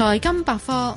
財金百科。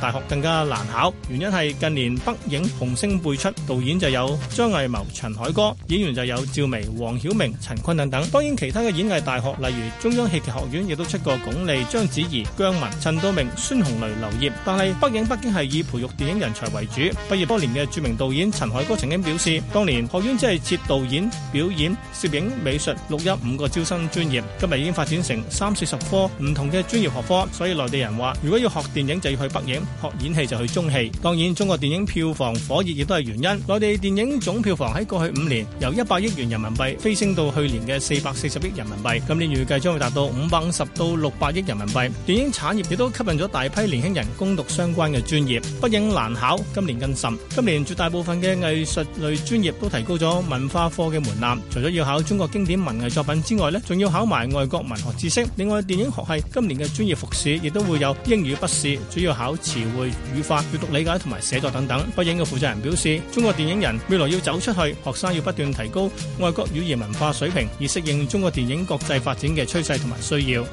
大學更加難考，原因係近年北影紅星輩出，導演就有張藝謀、陳凱歌，演員就有趙薇、黃曉明、陳坤等等。當然，其他嘅演藝大學，例如中央戲劇學院，亦都出過鞏俐、章子怡、姜文、陳道明、孫紅雷、劉燁。但係北影北京係以培育電影人才為主。畢業多年嘅著名導演陳凱歌曾經表示，當年學院只係設導演、表演、攝影、美術、錄音五個招生專業，今日已經發展成三四十科唔同嘅專業學科，所以內地人話，如果要學電影就要去北影。學演戲就去中戲，當然中國電影票房火熱亦都係原因。內地電影總票房喺過去五年由一百億元人民幣飛升到去年嘅四百四十億人民幣，今年預計將會達到五百五十到六百億人民幣。電影產業亦都吸引咗大批年輕人攻讀相關嘅專業，北影難考，今年更甚。今年絕大部分嘅藝術類專業都提高咗文化課嘅門檻，除咗要考中國經典文藝作品之外，呢仲要考埋外國文學知識。另外，電影學系今年嘅專業複試亦都會有英語筆試，主要考。詞彙、語法、閱讀理解同埋寫作等等，北影嘅負責人表示，中國電影人未來要走出去，學生要不斷提高外國語言文化水平，以適應中國電影國際發展嘅趨勢同埋需要。